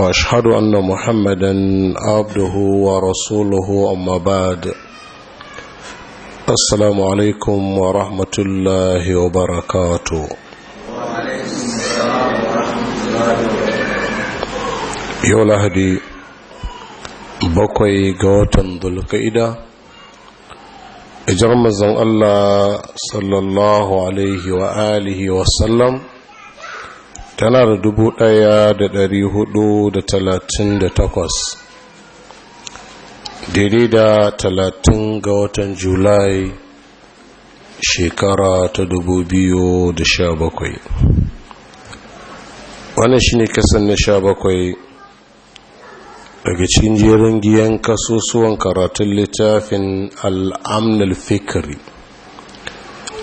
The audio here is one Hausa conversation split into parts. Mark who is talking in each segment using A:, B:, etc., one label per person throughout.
A: واشهد ان محمدا عبده ورسوله اما بعد السلام عليكم ورحمه الله وبركاته yau lahadi bakwai ga watan dulka'ida ijar mazan allah sallallahu alaihi wa alihi wasallam tana da dubu ɗaya da dari hudu da talatin da takwas daidai da talatin ga watan julai shekara ta dubu biyu da sha bakwai wannan shi ne kasan na sha bakwai daga cikin jirin giyan kasusuwan karatun littafin al'amnal fikiri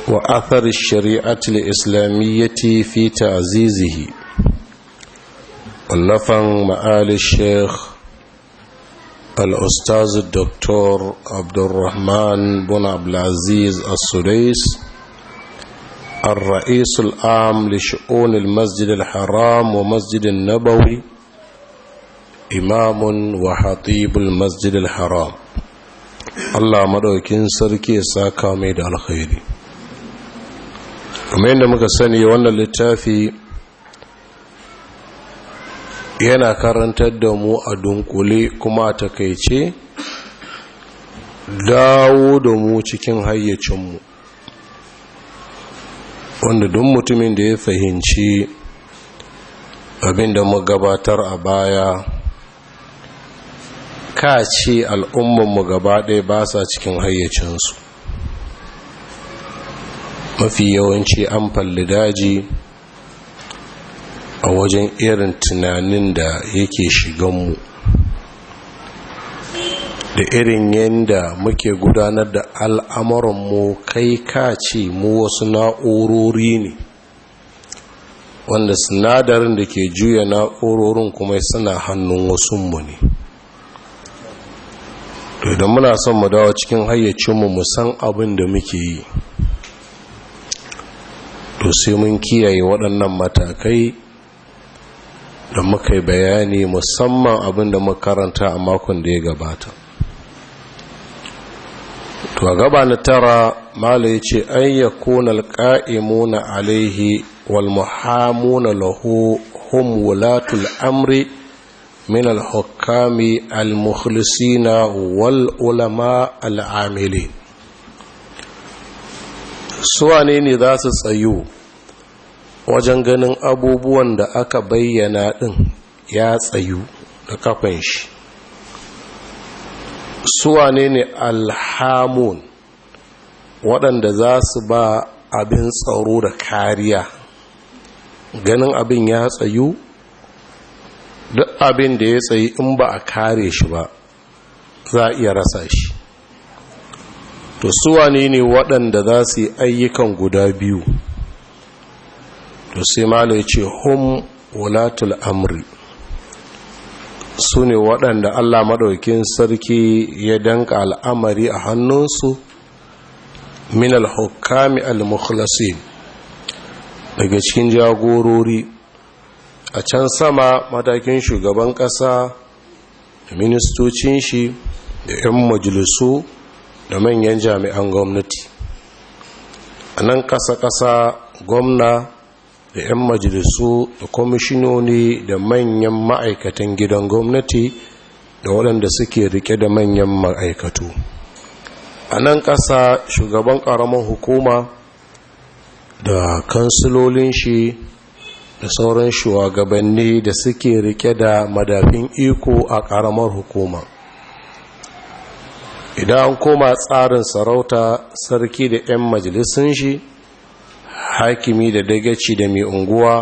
A: wa athar shari'at al-islamiyyati fi ta'zizihi wallafan ma'ali sheikh الأستاذ الدكتور عبد الرحمن بن عبد العزيز السديس الرئيس العام لشؤون المسجد الحرام ومسجد النبوي إمام وحطيب المسجد الحرام الله مدوكين سركي ساكامي الخيري kuma yadda muka sani wannan littafi yana karantar da mu a dunkule kuma a takaice dawo da mu cikin hayyacinmu wanda duk mutumin da ya fahimci abinda mu gabatar a baya ka ce al'ummanmu gaba ɗaya ba sa cikin hayyacinsu mafi yawanci an falli daji a wajen irin tunanin da yake shiganmu da irin yadda muke gudanar da al'amuranmu kai kaci mu wasu na'urori ne wanda sinadarin da ke juya na'urorin kuma suna hannun mu ne idan muna son mu dawo cikin hayyacinmu musan abin da muke yi to sai mun kiyaye waɗannan matakai da muka yi bayani musamman abin da muka karanta a makon da ya gabata to a gaba na tara mala ya ce an ya kuna na alaihi walmuhamuna lahu hum wulatul amri min alhukami almukhlisina wal ulama al'amili Su ne za su tsayu wajen ganin abubuwan da aka bayyana ɗin ya tsayu da kafin shi suwane ne alhamun waɗanda za su ba abin tsaro da kariya ganin abin ya tsayu duk abin da ya tsayi in ba a kare shi ba za a iya rasa shi to suwane ne waɗanda za su yi ayyukan guda biyu to sai malai ce hum wulatul amri su ne waɗanda allah maɗaukin sarki ya danka al'amari a hannunsu min al-hukami al-mukhlasin daga cikin jagorori a can sama matakin shugaban ƙasa da ministocin shi da 'yan majalisu da manyan jami'an gwamnati a nan ƙasa-ƙasa gwamna da 'yan majalisu da kwamishinoni da manyan ma'aikatan gidan gwamnati da waɗanda suke rike da manyan ma'aikatu a nan ƙasa shugaban ƙaramin hukuma da kansilolin shi da sauran shugabanni da suke rike da madafin iko a ƙaramar hukuma idan an koma tsarin sarauta sarki da 'yan majalisun shi hakimi da dagaci da mai unguwa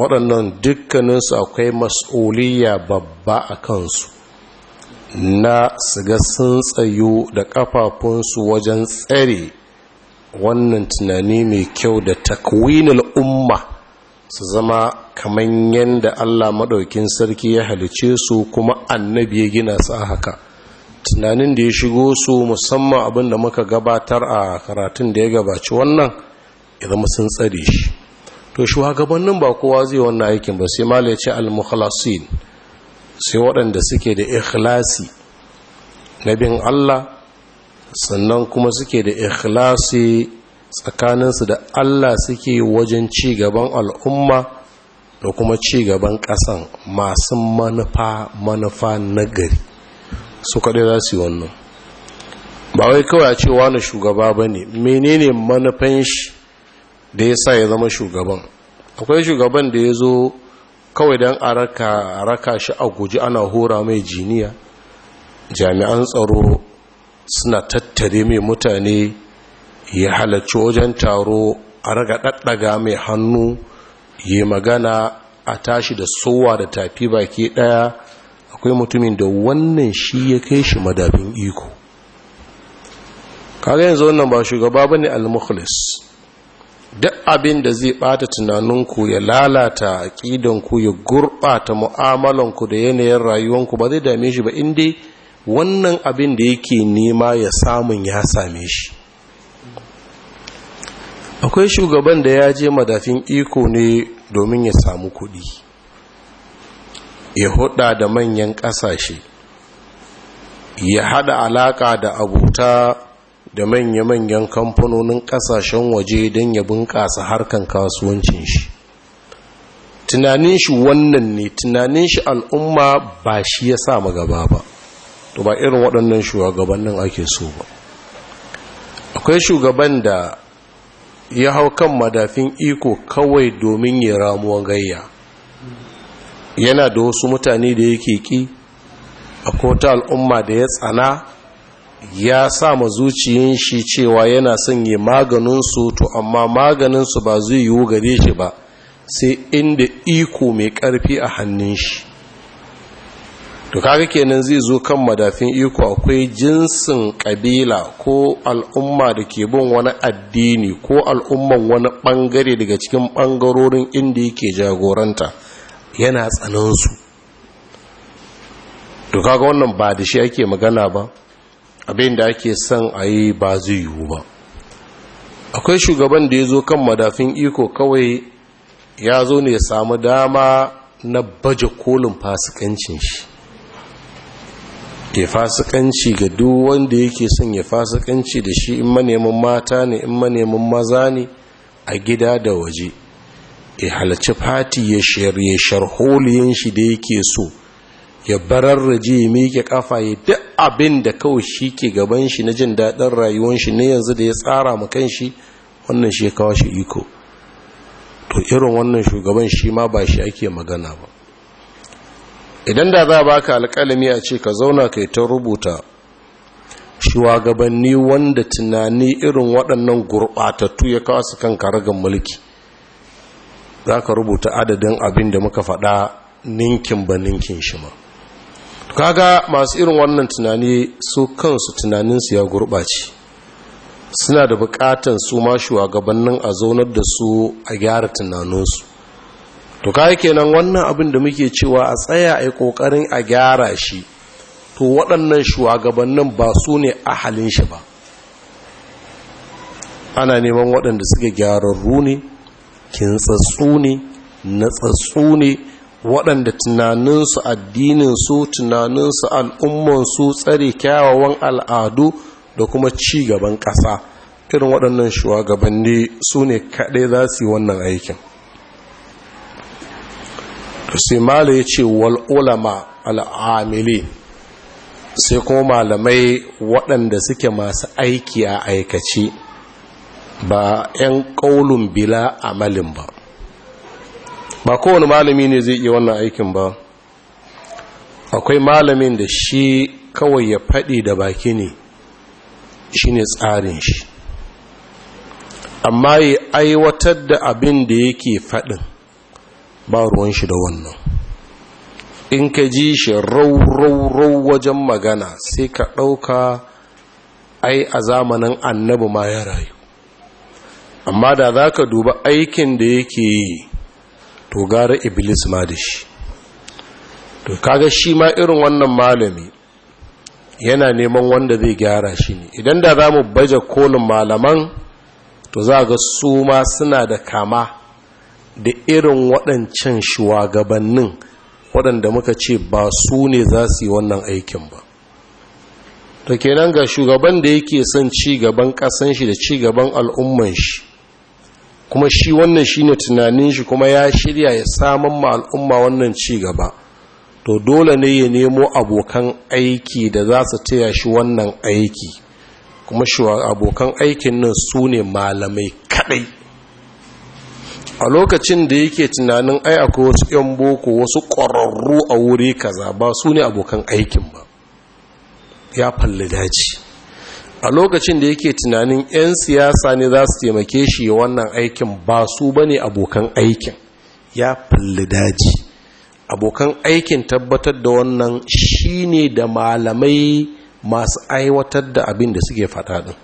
A: waɗannan dukkaninsu akwai mas'uliyya babba a kansu na suga sun tsayo da ƙafafunsu wajen tsare wannan tunani mai kyau da takwinul umma su zama kamar yadda Allah maɗaukin sarki ya halice su kuma annabi ya gina su a haka tunanin da ya shigo su musamman abin da muka gabatar a karatun da ya gabaci wannan ya zama sun tsare shi to shugabannin ba kowa zai wannan aikin ba sai mala ya ce al-mukhlasin sai waɗanda suke da ikhlasi na bin Allah sannan kuma suke da ikhlasi tsakaninsu da Allah suke wajen ci gaban al'umma da kuma ci gaban ƙasan masu manufa manufa nagari su kaɗai za su yi wannan ba wai kawai a ce wani shugaba ba ne menene manufan shi da ya sa ya zama shugaban akwai shugaban da ya zo kawai don a raka shi a guji ana hora mai jiniya jami'an tsaro suna tattare mai mutane ya halarci wajen taro a raga ɗaɗɗaga mai hannu ya magana a tashi da sowa da tafi baki ɗaya akwai mutumin da wannan shi ya kai shi madafin iko kaga yanzu wannan ba shugaba bane al-mukhlis duk abin da zai bata tunaninku ya lalata ku ya gurɓata mu'amalanku da yanayin rayuwanku ba zai dame shi ba inda wannan abin da yake nema ya samun ya same shi akwai shugaban da ya je madafin iko ne domin ya samu kuɗi ya huɗa da manyan ƙasashe ya haɗa alaƙa da abuta da manya-manyan kamfanonin kasashen waje don ya bunƙasa harkan kasuwancin shi tunanin shi wannan ne tunanin shi al'umma ba shi ya sa magaba ba to ba irin waɗannan shugabannin ake so ba akwai shugaban da ya hau kan madafin iko kawai domin ya ramuwan gayya yana da wasu mutane da yake ki a kota al'umma da ya tsana ya sa ma zuciyin shi cewa yana son yi maganinsu to amma maganinsu ba zai yiwu gare shi ba sai inda iko mai ƙarfi a hannun shi to kaga kenan zai zo kan madafin iko akwai jinsin ƙabila ko al'umma da ke bin wani addini ko al'umman wani ɓangare daga cikin ɓangarorin inda yake jagoranta yana tsanansu to kaga wannan ba da shi ake magana ba abin da ake son a yi ba zai yiwu ba akwai shugaban da ya zo kan madafin iko kawai ya zo ne ya samu dama na baje kolin fasikancin shi ke fasikanci ga duk wanda yake son ya fasikanci da shi in manemin mata ne in manemin maza ne a gida da waje ya halarci fati ya sharholiyan shi da yake so ya raji ya miƙe ƙafa ya duk abin da kawai shi ke gaban shi na jin daɗin rayuwan shi na yanzu da ya tsara ma kan shi wannan shi kawo shi iko to irin wannan shugaban shi ma ba shi ake magana ba idan da za ba ka alƙalami a ce ka zauna kai ta rubuta shugabanni wanda tunani irin waɗannan gurɓatattu ya kawo su kan karagan mulki za ka rubuta adadin abin da muka faɗa ninkin ba ninkin shi ma kaga masu irin wannan tunani su kansu tunaninsu ya gurɓace suna da buƙatan su ma shugabannin a zaunar da su a gyara tunaninsu to kayi kenan wannan abin da muke cewa a tsaya a yi ƙoƙarin a gyara shi to waɗannan shugabannin ba su ne ahalin shi ba ana neman waɗanda suke gyararru ne kintsatsu ne natsatsu ne waɗanda tunaninsu addininsu tunaninsu al'ummansu tsare kyawawan al'adu da kuma ci gaban ƙasa irin waɗannan shugabanni su ne kaɗai za su yi wannan aikin sai mala ya ce wal ulama al'amili sai kuma malamai waɗanda suke masu aiki a aikace ba 'yan ƙaulun bila amalin ba ba kowane malami ne zai iya wannan aikin ba akwai malamin da shi kawai ya faɗi da baki ne shi ne tsarin shi amma ya aiwatar da abin da yake faɗin ba ruwan shi da wannan in ka ji shi rau-rau-rau wajen magana sai ka ɗauka ai a zamanin annabu ma ya rayu amma da za ka duba aikin da yake yi to gara iblis ma da shi to kaga shi ma irin wannan malami yana neman wanda zai gyara shi ne idan da za mu baje kolin malaman to za ga su ma suna da kama da irin waɗancan shugabannin waɗanda muka ce ba su ne za su yi wannan aikin ba to kenan ga shugaban da yake son ci gaban ƙasan shi da ci gaban al'umman shi kuma shi wannan shine tunanin shi kuma ya shirya ya samun ma al'umma wannan ci gaba to dole ne ya nemo abokan aiki da za su taya shi wannan aiki kuma abokan aikin nan su ne malamai kadai a lokacin da yake tunanin ai akwai wasu 'yan boko wasu ƙwararru a wuri kaza ba su ne abokan aikin ba ya falli daji a lokacin da yake tunanin 'yan siyasa ne za su taimake shi wannan aikin ba su ba ne abokan aikin ya fulli daji abokan aikin tabbatar da wannan shi ne da malamai masu aiwatar da abin da suke faɗaɗin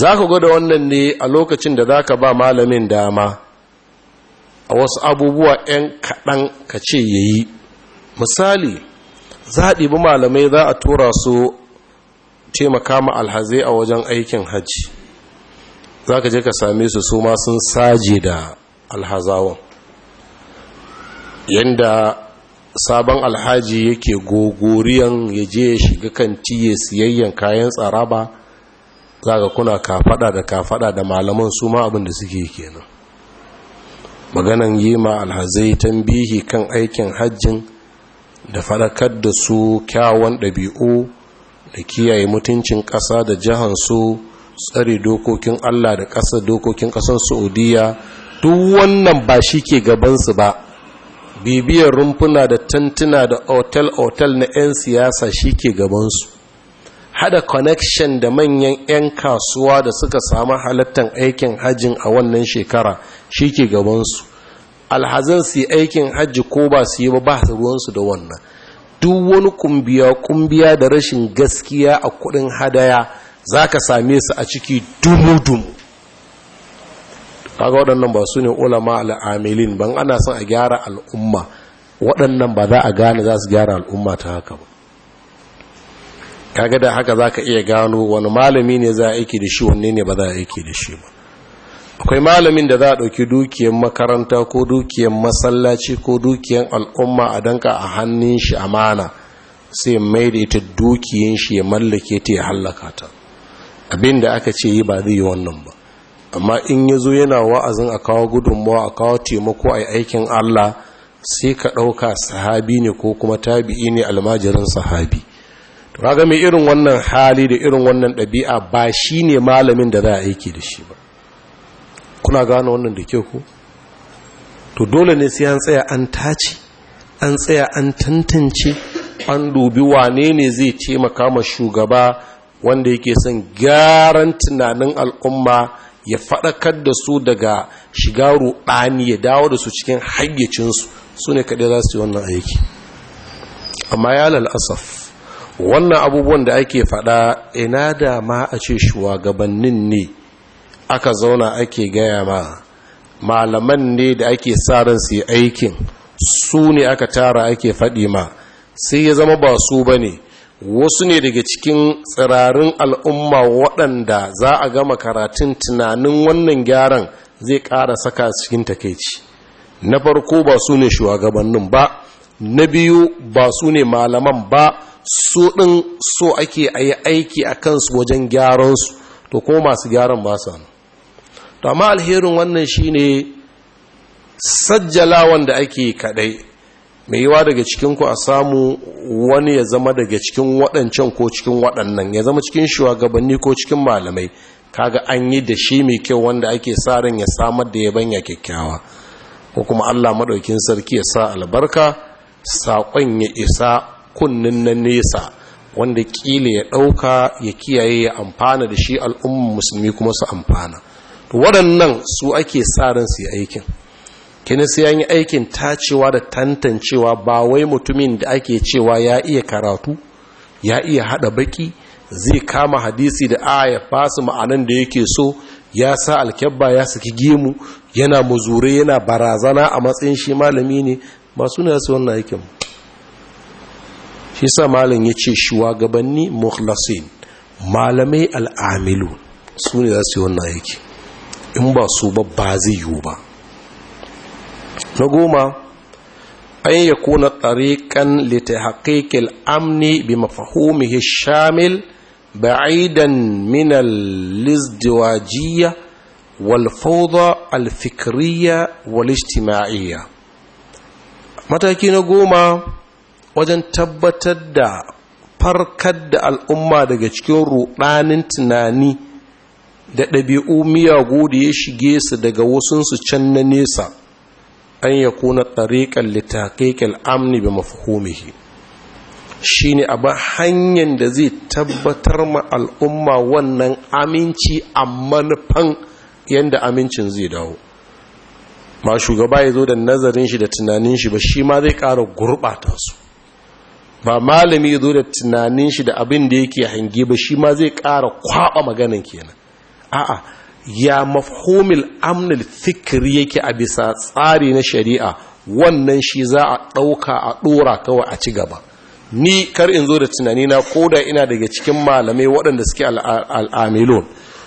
A: za ka gwada wannan ne a lokacin da za ka ba malamin dama a wasu abubuwa 'yan kaɗan ka ce ya yi misali za a ɗibi malamai za a tura su taimaka ma alhazai a wajen aikin hajji za ka je ka same su su ma sun saje da alhazawan yadda sabon alhaji yake gogoriyan ya je ya shiga kan tiye siyayyan kayan tsaraba za ka kuna kafada da kafada da malaman su ma abin da suke kenan maganan yi ma alhazai tambihi kan aikin hajjin da faɗakar da su kyawun ɗabi'u da kiyaye mutuncin ƙasa da jihansu tsare dokokin Allah da ƙasa dokokin ƙasar Saudiya duk wannan ba shi ke gabansu ba bibiyar rumfuna da tantuna da otel-otel na 'yan siyasa shi ke gabansu hada connection da manyan 'yan kasuwa da suka samu halittar aikin hajjin a wannan shekara shi ke gabansu alhazan su yi aikin hajji ko ba su yi ba ba su ruwansu da wannan duk wani kumbiya kumbiya da rashin gaskiya a kudin hadaya za ka same su a ciki dumu-dumu kaga waɗannan ba su ne ulama al'amilin ban ana son a gyara al'umma waɗannan ba za a gane za su gyara al'umma ta haka ba kaga da haka za ka iya gano wani malami ne za a aiki da shi wanne ne ba za a aiki da shi ba akwai malamin da za a ɗauki dukiyar makaranta ko dukiyar masallaci ko dukiyar al'umma a danka a hannun shi amana sai mai da ita dukiyar shi ya mallake ta ya hallaka ta abin da aka ce yi ba zai yi wannan ba amma in ya zo yana wa'azin a kawo gudunmawa a kawo taimako a aikin allah sai ka ɗauka sahabi ne ko kuma tabi'i ne almajirin sahabi to kaga mai irin wannan hali da irin wannan ɗabi'a ba shi ne malamin da za a aiki da shi ba kuna gane wannan da ke ku to dole ne sai an tsaya an taci an tsaya an tantance an dubi wane ne zai taimaka ma shugaba wanda yake son gyaran tunanin al'umma ya faɗakar da su daga shiga ruɓani ya dawo da su cikin hayyacinsu su ne kaɗai za su yi wannan aiki amma ya lalasaf wannan abubuwan da ake faɗa ina da ma a ce shugabannin ne aka zauna ake gaya ma malaman ne da ake sa ran su aikin su ne aka tara ake faɗi ma sai ya zama ba su ba ne wasu ne daga cikin tsirarin al'umma waɗanda za a gama karatun tunanin wannan gyaran zai ƙara saka cikin takeci. na farko ba su ne shugabannin ba na biyu ba su ne malaman ba su ɗin so ake a yi aiki a kansu wajen gyaransu to ko masu gyaran ba su to amma alherin wannan shine sajjala wanda ake kadai mai yiwa daga cikinku a samu wani ya zama daga cikin waɗancan ko cikin waɗannan ya zama cikin shugabanni ko cikin malamai kaga an yi da shi mai kyau wanda ake sa ya samar da ya banya kyakkyawa ko kuma Allah maɗaukin sarki ya sa albarka saƙon ya isa kunnin na nesa wanda ƙila ya ɗauka ya kiyaye ya amfana da shi al'ummar musulmi kuma su amfana waɗannan su ake sa ran su yi aikin kini sai an yi aikin tacewa da tantancewa ba wai mutumin da ake cewa ya iya karatu ya iya hada baki zai kama hadisi da aya su ma'anan da yake so ya sa alkyabba ya saki gemu yana muzure yana barazana a matsayin shi malami ne masu ne su wannan aikin shi sa malam ya ce shugabanni mukhlasin malamai al'amilu su ne za su yi wannan aiki in ba su ba ba zai yiwu ba na goma an ya kuna tsarikan haƙiƙil amni bi mafahumihi shamil ba'idan minal lizdiwajiya walfauda alfikiriya walistima'iyya mataki na goma wajen tabbatar da farkar da al'umma daga cikin ruɗanin tunani da ɗabi'u miyagu da ya shige su daga wasunsu can na nesa an ya kuna ɗariƙar littaƙiƙar amni bi mafahomihi shi ne abin hanyar da zai tabbatar ma al'umma wannan aminci a manufan yadda amincin zai dawo ma shugaba ya zo da nazarin shi da tunanin shi ba shi ma zai ƙara gurɓata su ba malami ya zo da tunanin shi da abin da yake hangi ba shi ma zai ƙara kwaɓa maganan kenan a'a ya mafhumil amnil fikri yake a bisa tsari na shari'a wannan shi za a ɗauka a ɗora kawai a ci gaba ni kar in zo da tunani na koda ina daga cikin malamai waɗanda suke al'amilon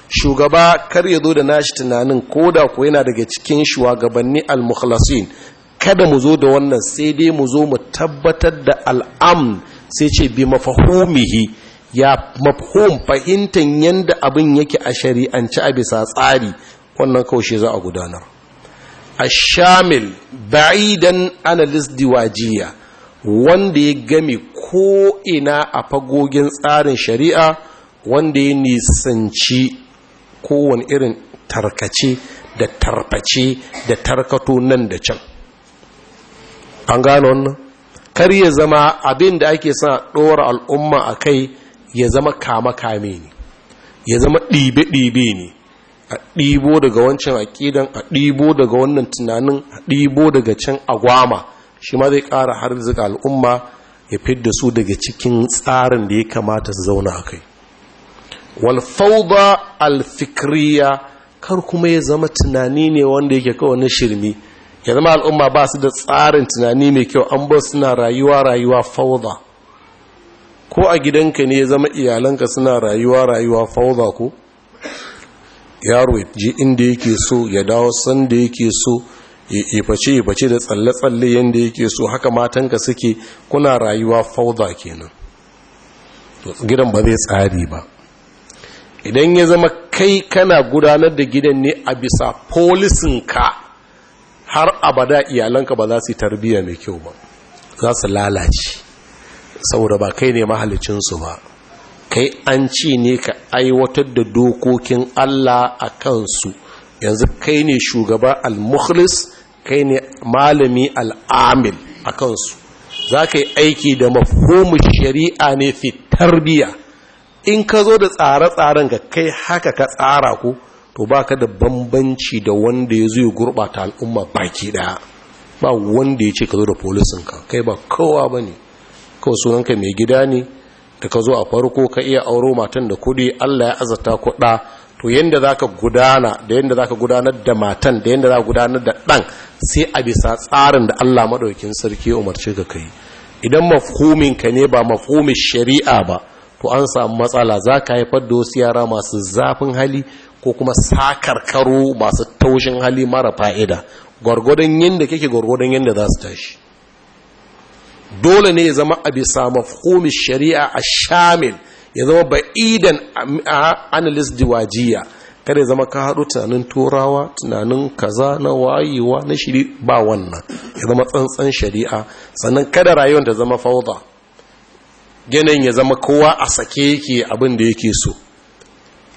A: shugaba kar ya zo da nashi tunanin koda ko yana daga cikin shugabanni al-mukhlasin kada mu zo da wannan sai dai mu zo mu tabbatar da al'am sai ce bi mafahumihi ya mafhum fahimtar yadda abin yake a shari'anci a bisa tsari wannan kaushe za a gudanar A Shamil ba'idan analis diwajiya wanda ya gami ko'ina a fagogin tsarin shari'a wanda ya nisanci kowane irin tarkace da tarface da tarkato nan da can an gano wannan kar ya zama abin da ake sa ɗora al'umma a kai ya zama kama-kame ne ya zama ɗibe-ɗibe ne a ɗibo daga wancan aƙidan a ɗibo daga wannan tunanin a ɗibo daga can agwama shi ma zai ƙara har zika al'umma ya fit-da su daga cikin tsarin da ya kamata su zauna a kai walfauda alfikriya kar kuma ya zama tunani ne wanda yake kawai na shirmi ya zama al'umma ba su da tsarin tunani mai kyau an ba suna rayuwa rayuwa fauba ko a gidanka ne ya zama iyalanka suna rayuwa rayuwa fauza ko yaro ji inda yake so ya dawo sanda yake so iface iface da tsalle-tsalle yadda yake so haka matanka suke kuna rayuwa fauza kenan gidan ba zai tsari ba idan ya zama kai kana gudanar da gidan ne a bisa polisinka har abada iyalanka ba za su yi tarbiyya mai kyau ba za su lalace saboda ba kai ne mahalicinsu ba kai an ci ne ka aiwatar da dokokin Allah a kansu yanzu kai ne shugaba al-mukhlis kai ne malami al-amil a kansu za ka yi aiki da mafhumin shari'a ne fi tarbiya in ka zo da tsare-tsaren ga kai haka ka tsara ku to ba ka da bambanci da wanda ya zo ya gurɓata al'umma baki ɗaya ba wanda ya ce ka zo da polisinka kai ba kowa ba ne ko sunanka mai gida ne da ka zo a farko ka iya auro matan da kudi Allah ya azata kuɗa, to yadda za ka gudana da yadda za ka gudanar da matan da yadda za ka gudanar da ɗan sai a bisa tsarin da Allah maɗaukin sarki umarci ka kai idan mafhumin ka ne ba mafhumin shari'a ba to an samu matsala za ka haifar da wasu yara masu zafin hali ko kuma karo masu taushin hali mara fa'ida gwargwadon yadda kake gwargwadon yadda za su tashi dole ne ya zama a bisa mafhumin shari'a a shamil ya zama ba'idan analyst diwajiya kada ya zama ka haɗu tunanin turawa tunanin kaza na wayewa na shiri ba wannan ya zama tsantsan shari'a sannan kada rayuwar ta zama fauda ganin ya zama kowa a sake yake abin da yake so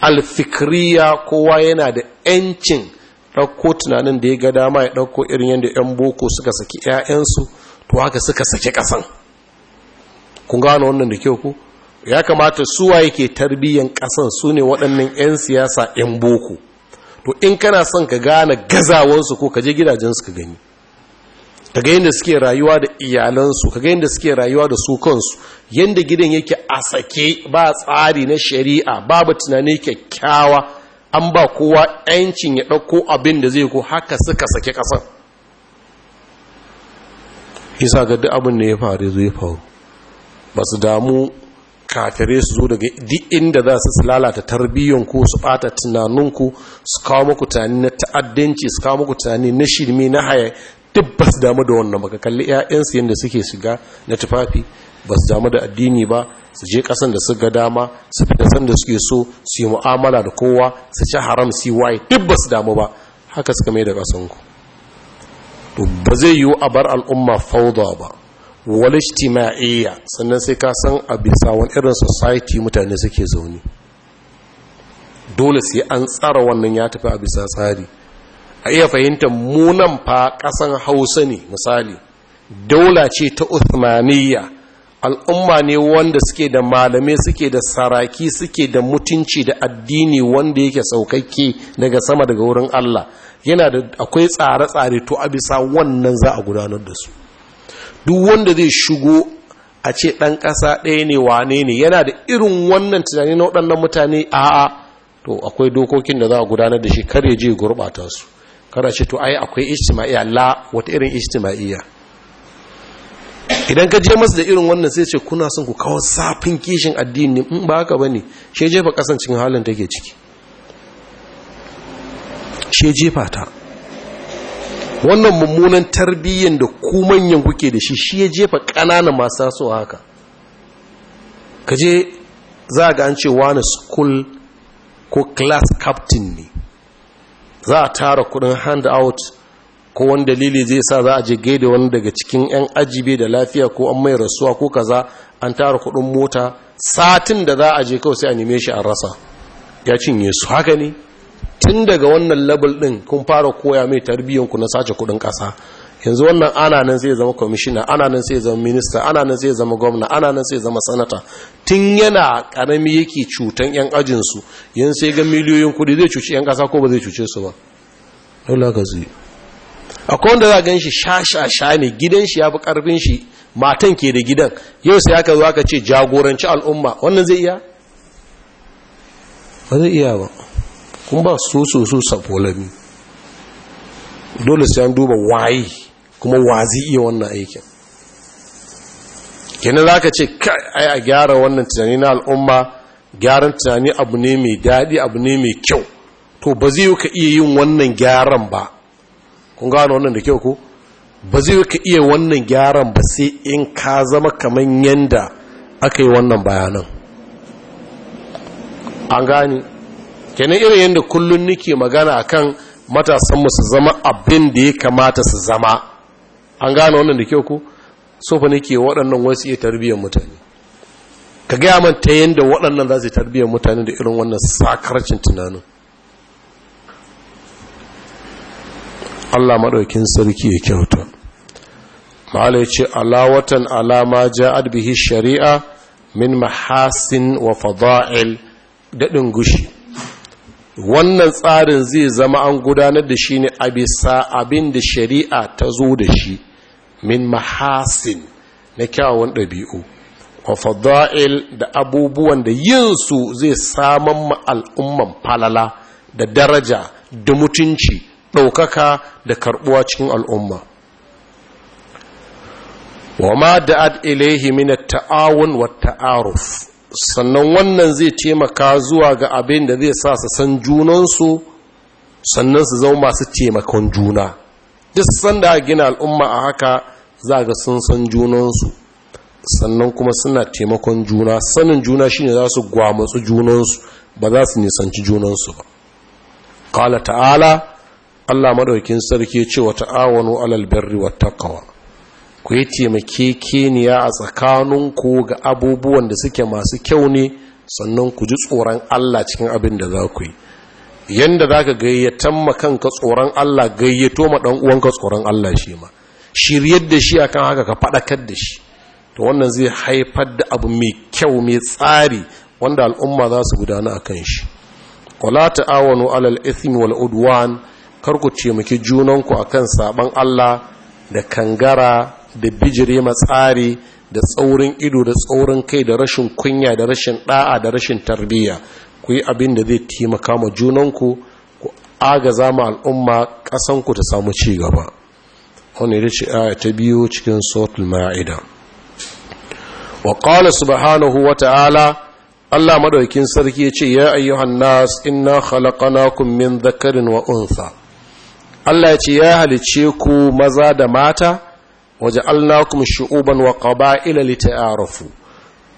A: alfikiriya kowa yana da 'yancin ɗauko tunanin da ya ga dama ya ɗauko irin yadda 'yan boko suka saki 'ya'yansu to haka suka sake kasan kun gano wannan da kyau ku ya kamata suwa yake tarbiyyan kasan su ne waɗannan 'yan siyasa 'yan boko to in kana son ka gane gazawansu ko kaje je gidajensu ka gani ka ga yadda suke rayuwa da iyalansu ka ga yadda suke rayuwa da su kansu yadda gidan yake a sake ba tsari na shari'a babu tunani kyakkyawa an ba kowa 'yancin ya ɗauko abin da zai ko haka suka sake ƙasar isa ga duk abin da ya faru zai faru ba su damu kafire su zo daga duk inda za su lalata tarbiyyanku su bata tunaninku su kawo muku tunani na ta'addanci su kawo muku tunani na shirme na haya duk ba su damu da wannan baka kalli 'ya'yansu yadda suke shiga na tufafi ba su damu da addini ba su je kasan da su ga dama su fita san da suke so su yi mu'amala da kowa su ci haram su yi waye duk ba su damu ba haka suka mai da kasanku to ba zai yiwu a bar al'umma fauda ba wal ijtima'iyya sannan sai ka san a bisa wani irin society mutane suke zaune dole sai an tsara wannan ya tafi a bisa tsari a iya fahimta munan fa kasan hausa ne misali daula ce ta uthmaniyya al'umma ne wanda suke da malamai suke da saraki suke da mutunci da addini wanda yake saukakke daga sama daga wurin Allah yana da akwai tsare-tsare to a bisa wannan za a gudanar da su duk wanda zai shigo a ce ɗan ƙasa ɗaya ne wane ne yana da irin wannan tunani na waɗannan mutane a'a to akwai dokokin da za a gudanar da shi kar ya je gurɓata su kar a ce to ai akwai ijtima'iyya la wata irin ijtima'iyya idan ka je masu da irin wannan sai ce kuna son ku kawo safin kishin addini in ba haka bane she jefa kasan cikin halin take ciki she jefa ta wannan mummunan tarbiyyar da ku manyan kuke da shi shi ya jefa ƙananan masu tasowa haka ka je za ga an ce wani school ko class captain ne za a tara kudin hand out ko wani dalili zai sa za a je gaida wani daga cikin 'yan ajibe da lafiya ko an mai rasuwa ko kaza an tara kudin mota satin da za a je kawai sai a neme shi an rasa ya cinye su haka ne tun daga wannan level din kun fara koya mai ku na sace kudin kasa yanzu wannan ana nan sai zama kwamishina ana nan sai zama minista ana nan sai zama gwamna ana nan sai zama sanata tun yana karami yake cutan yan ajinsu yan sai ga miliyoyin kudi zai cuci yan kasa ko ba zai cuce su ba dole ka zai akwai wanda za gan shi sha ne gidan shi ya fi ƙarfin shi matan ke da gidan yau sai aka zo aka ce jagoranci al'umma wannan zai iya ba zai iya ba Kuma ba su so su dole sai an duba waye kuma wazi iya wannan aikin kenan za ka ce ai a gyara wannan tunani na al'umma gyaran tunani abu ne mai daɗi abu ne mai kyau to ba zai yi ka iya yin wannan gyaran ba kun gano wannan da kyau ko ba zai ka iya wannan gyaran ba sai in ka zama kamar yanda aka yi wannan bayanan an gani kenan irin yadda kullum nike magana akan matasanmu su zama abin da ya kamata su zama an gane wannan da kyau ku sofa nike waɗannan wasu iya tarbiyyar mutane ka gaya man ta yadda waɗannan za su yi tarbiyyar mutane da irin wannan sakarcin tunanin Allah maɗaukin sarki ya kyauta ma'ala ce alawatan alama ja'ad bihi shari'a min mahasin wa fada'il daɗin gushi wannan tsarin zai zama an gudanar da shi ne a bisa abin da shari'a ta zo da shi min mahasin na kyawun ɗabi'u wa fada'il da abubuwan da yinsu zai saman ma al'umman falala da daraja da mutunci ɗaukaka da karɓuwa cikin al'umma wa ma da'ad ilaihi min ta'awun wa ta'aruf sannan wannan zai taimaka zuwa ga abin da zai sa su san junansu sannan su zama masu taimakon juna duk sanda a gina al'umma a haka za ga sun san junansu sannan kuma suna taimakon juna sanin juna shine za su gwamatsu junansu ba za su nisanci junansu ba qala ta'ala Allah maɗaukin sarki ce wa ta'awanu alal birri wat taqwa ku yi keniya a tsakaninku ga abubuwan da suke masu kyau ne sannan ku ji tsoron Allah cikin abin da za ku yi yanda za ka gayyatan makanka tsoron Allah gayyato ma ɗan uwanka tsoron Allah shi ma shiryar da shi akan haka ka faɗakar da shi to wannan zai haifar da abu mai kyau mai tsari wanda al'umma za su gudana kan shi wala ta'awanu alal ithmi wal udwan karku ce muke junanku a kan saɓan Allah da kangara da bijire tsari da tsaurin ido da tsaurin kai da rashin kunya da rashin ɗa'a da rashin tarbiyya ku yi abin da zai taimaka ma junanku ku agaza ma al'umma ƙasanku ta samu ci gaba wani da ce aya ta biyu cikin sautul ma'ida wa qala subhanahu wa ta'ala Allah madaukin sarki ya ce ya ayyuhan nas inna khalaqnakum min dhakarin wa untha Allah ya ce ya halice ku maza da mata waje alnakum shu'uban wa qaba'ila lita'arafu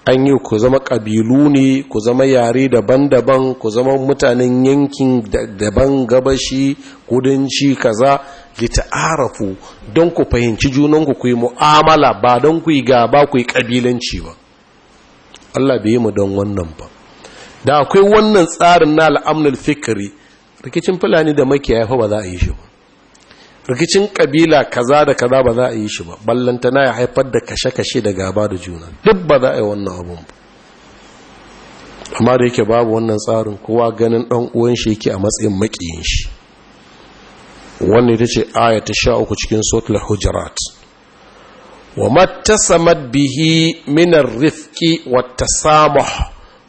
A: an yi ku zama kabilu ne ku zama yare daban-daban ku zama mutanen yankin daban gabashi kudanci kaza litarafu don ku fahimci junan ku yi mu'amala ba don ku yi gaba ku yi ƙabilanci ba Allah bai yi mu don wannan ba da akwai wannan tsarin na al'amnul fikiri rikicin fulani da makiyaya fa ba za a yi shi ba rikicin kabila kaza da kaza ba za a yi shi ba ballantana ya haifar da kashe-kashe da gaba da juna duk ba za a yi wannan abun ba amma da yake babu wannan tsarin kowa ganin ɗan uwan shi yake a matsayin makiyin shi wannan ita ce aya ta sha uku cikin sotla hujarat wa mattasamat bihi minar rifki wata samuh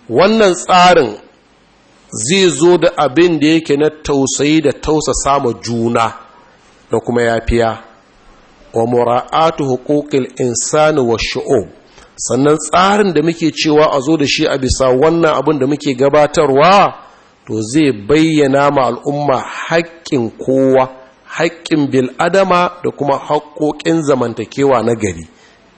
A: wannan tsarin zai zo da abin da yake na tausayi da tausa sama juna da kuma yafiya wa mura'atu huquqil insani wa shu'ub sannan tsarin da muke cewa a zo da shi a bisa wannan abin da muke gabatarwa to zai bayyana ma al'umma haƙƙin kowa haƙƙin bil'adama da kuma haƙƙoƙin zamantakewa na gari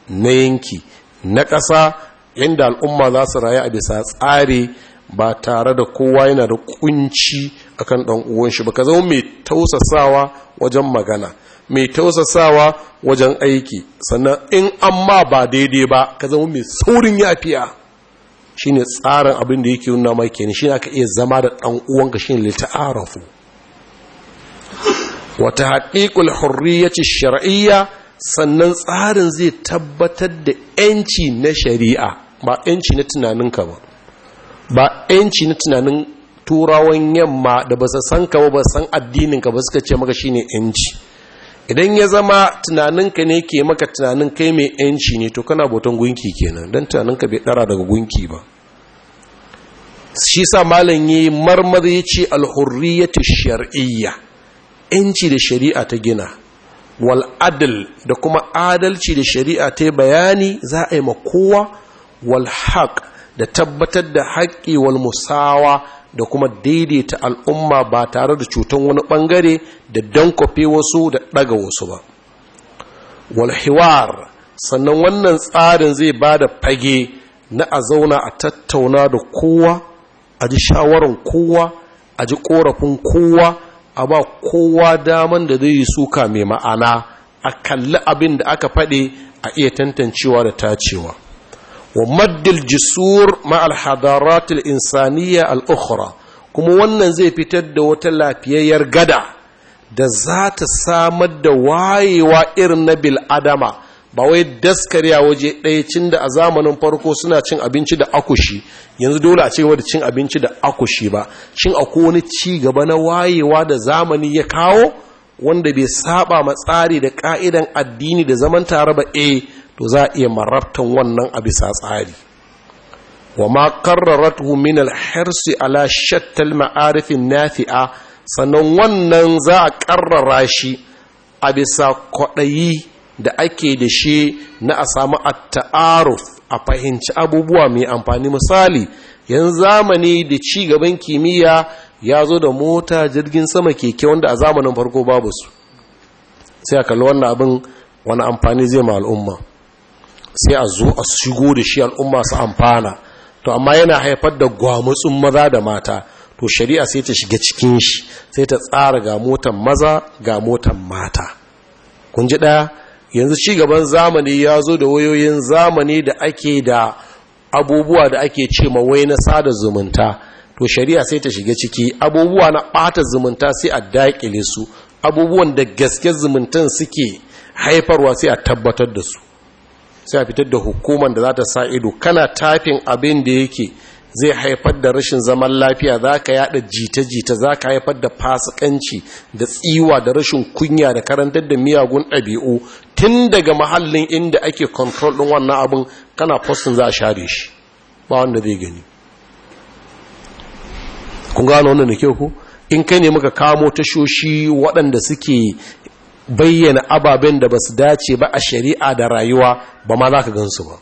A: na yanki na ƙasa inda al'umma za su rayu a bisa tsari ba tare da kowa yana da ƙunci. akan dan uwan shi baka zama mai tausasawa wajen magana mai tausasawa wajen aiki sannan in amma ba daidai ba ka zama mai saurin yafiya shine tsarin abin da yake nuna mai shi shine aka iya zama da dan uwanka shine lita'arafu wa tahqiqul hurriyyati shar'iyya sannan tsarin zai tabbatar da yanci na shari'a ba yanci na tunaninka ba ba yanci na tunanin turawan yamma da ba su san ka ba san addinin ka ba suka ce maka shine yanci idan ya zama tunaninka ne ke maka tunanin kai mai yanci ne to kana boton gunki kenan don tunaninka bai dara daga gunki ba shi sa malam yi marmari ya ce alhurriyatu shar'iyya yanci da shari'a ta gina wal da kuma adalci da shari'a ta bayani za a yi ma kowa wal haq da tabbatar da haƙƙi wal musawa da kuma daidaita al'umma ba tare da cutar wani bangare da dankwafe wasu da daga wasu ba walhiwar sannan wannan tsarin zai ba da fage na a zauna a tattauna da kowa a ji shawarar kowa a ji korafin kowa a ba kowa daman da zai yi suka mai ma'ana a kalli abin da aka faɗi a iya tantancewa da tacewa ومد الجسور مع الحضارات الإنسانية الأخرى kuma wannan zai fitar da wata lafiyayyar gada da za ta samar da wayewa irin na bil'adama ba wai daskari a waje ɗaya cin a zamanin farko suna cin abinci da akushi yanzu dole a ce da cin abinci da akushi ba shin akwai wani ci gaba na wayewa da zamani ya kawo wanda bai saɓa ma tsari da ka'idan addini da zaman tare ba eh to za a iya marabtan wannan a bisa tsari wa ma qarraratuhu min al ala shattal ma'arifin maarif nafia sannan wannan za a karrara shi a bisa kwaɗayi da ake da shi na a samu at-ta'aruf a fahimci abubuwa mai amfani misali yan zamani da ci gaban kimiyya ya zo da mota jirgin sama keke wanda a zamanin farko babu su sai a kalli wannan abin wani amfani zai ma al'umma sai a zo a shigo da shi al'umma su amfana to amma yana haifar da gwamutsun maza da mata to shari'a sai ta shiga cikin shi sai ta tsara ga motan maza ga motan mata kun ji ɗaya yanzu ci gaban zamani ya zo da wayoyin zamani da ake da abubuwa da ake ce Wai na sada zumunta to shari'a sai ta shiga ciki abubuwa na ɓata zumunta sai a daƙile su abubuwan da gaske zumuntan suke haifarwa sai a tabbatar da su sai a fitar da hukumar da za ta sa ido kana tafin abin da yake zai haifar da rashin zaman lafiya za ka yada jita-jita za ka haifar da fasikanci da tsiwa da rashin kunya da karantar da miyagun ɗabi'u tun daga mahallin inda ake kontrol ɗin wannan abin kana postin za a share shi ba wanda zai gani kun gano wannan da kyau ku in kai ne muka kamo tashoshi waɗanda suke bayyana ababen da ba su dace ba a shari'a da rayuwa ba ma za ka gansu ba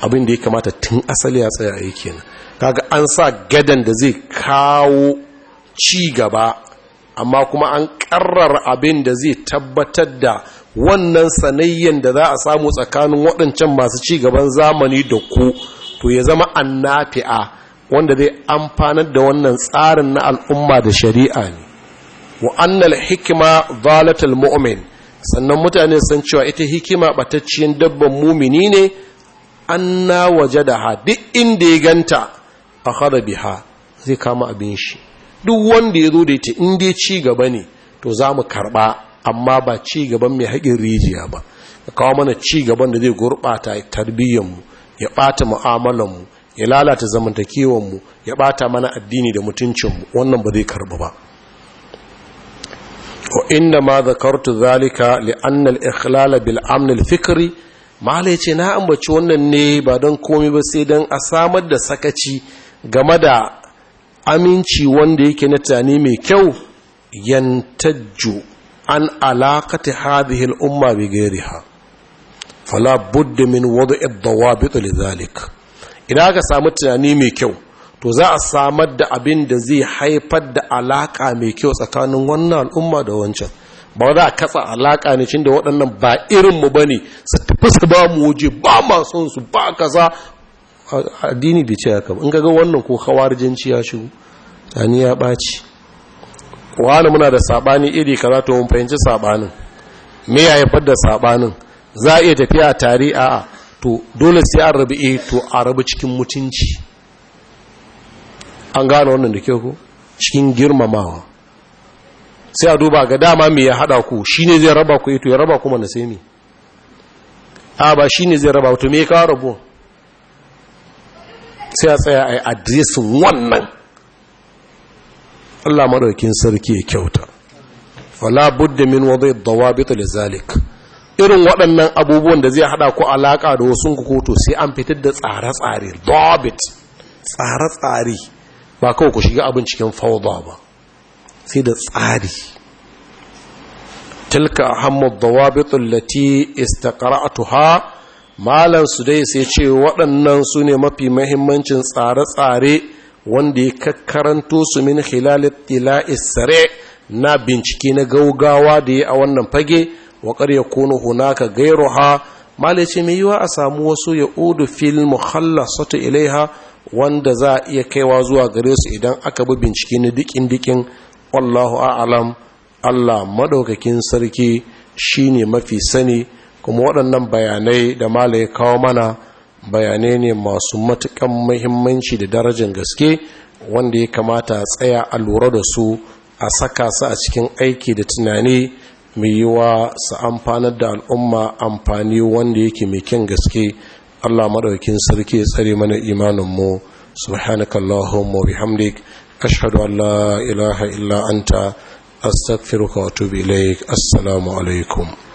A: abin da ya kamata tun asali ya tsaya yi kenan kaga an sa gadan da zai kawo ci gaba amma kuma an karrar abin da zai tabbatar da wannan sanayyan da za a samu tsakanin waɗancan masu ci gaban zamani da ku to ya zama annafi'a wanda zai amfanar da wannan tsarin na al'umma da shari'a ne wa annal hikima zalatul mu'min sannan mutane san cewa ita hikima batacciyar dabban mumini ne an na waje da ha duk inda ya ganta akhadha biha zai kama abin shi duk wanda ya zo da ita in ya ci gaba ne to za mu karba amma ba ci gaban mai haƙin rijiya ba ka kawo mana ci gaban da zai gurɓata tarbiyyarmu ya ɓata mu'amalanmu ya lalata zamantakewanmu ya ɓata mana addini da mutuncinmu wannan ba zai karba ba wa ma zakartu zalika li anna al bil amn al-fikri mala na ambaci wannan ne ba don komai ba sai don a samar da sakaci game da aminci wanda yake na tunani mai kyau yantajju an alaqati hadhihi al-umma bi ghayriha fala budda min wad'i ad-dawabit li dhalik idan aka samu tunani mai kyau to za a samar da abin da zai haifar da alaka mai kyau tsakanin wannan al'umma da wancan ba za a katsa alaka ne cin da waɗannan ba irinmu ba ne su tafi su ba mu waje ba masu su ba kaza addini da ce haka in ga wannan ko jinci ya shigo tani ya ɓaci wani muna da saɓani iri kaza to mun fahimci saɓanin me ya haifar da saɓanin za a iya tafiya tare a to dole sai an rabu eh, to a rabi cikin mutunci an gane wannan da kyau cikin girmamawa sai a duba ga dama me ya hada ku shine zai raba ku ito eh, ya raba ku mana sai me a ba shine zai raba to me ka rabu sai a tsaya ai adresin wannan Allah madaukin sarki ya kyauta fala budda min wadai dawabit lizalik irin waɗannan abubuwan da zai hada ku alaka da wasu ku sai an fitar da tsare-tsare dawabit tsare-tsare ba kawai ku shiga abin cikin fauda ba sai da tsari tilka Ahmad dawabitul lati istaqra'tuha malam su dai sai ce waɗannan su ne mafi mahimmancin tsare-tsare wanda ya kakkaranto su min hilalit tila'is isare na bincike na gaugawa da ya a wannan fage wa ƙarya kunu hunaka gairuha malai ce mai yiwa a samu wasu ya udu fil muhallasatu ilaiha wanda za a iya kaiwa zuwa gare su idan aka bi bincike na dikin-dikin wallahu a'alam allah maɗaukakin sarki shine mafi sani kuma waɗannan bayanai da mala ya kawo mana bayanai ne masu matuƙan muhimmanci da darajar gaske wanda ya kamata a tsaya a lura da su a saka su a cikin aiki da tunani mai yiwa su amfanar da al'umma amfani wanda yake mai kyan gaske Allah maɗaukin sarki ya tsare mana imanin mu subhanakallahumma bihamdik ashhadu an la ilaha illa anta astaghfiruka wa atubu ilaik assalamu alaikum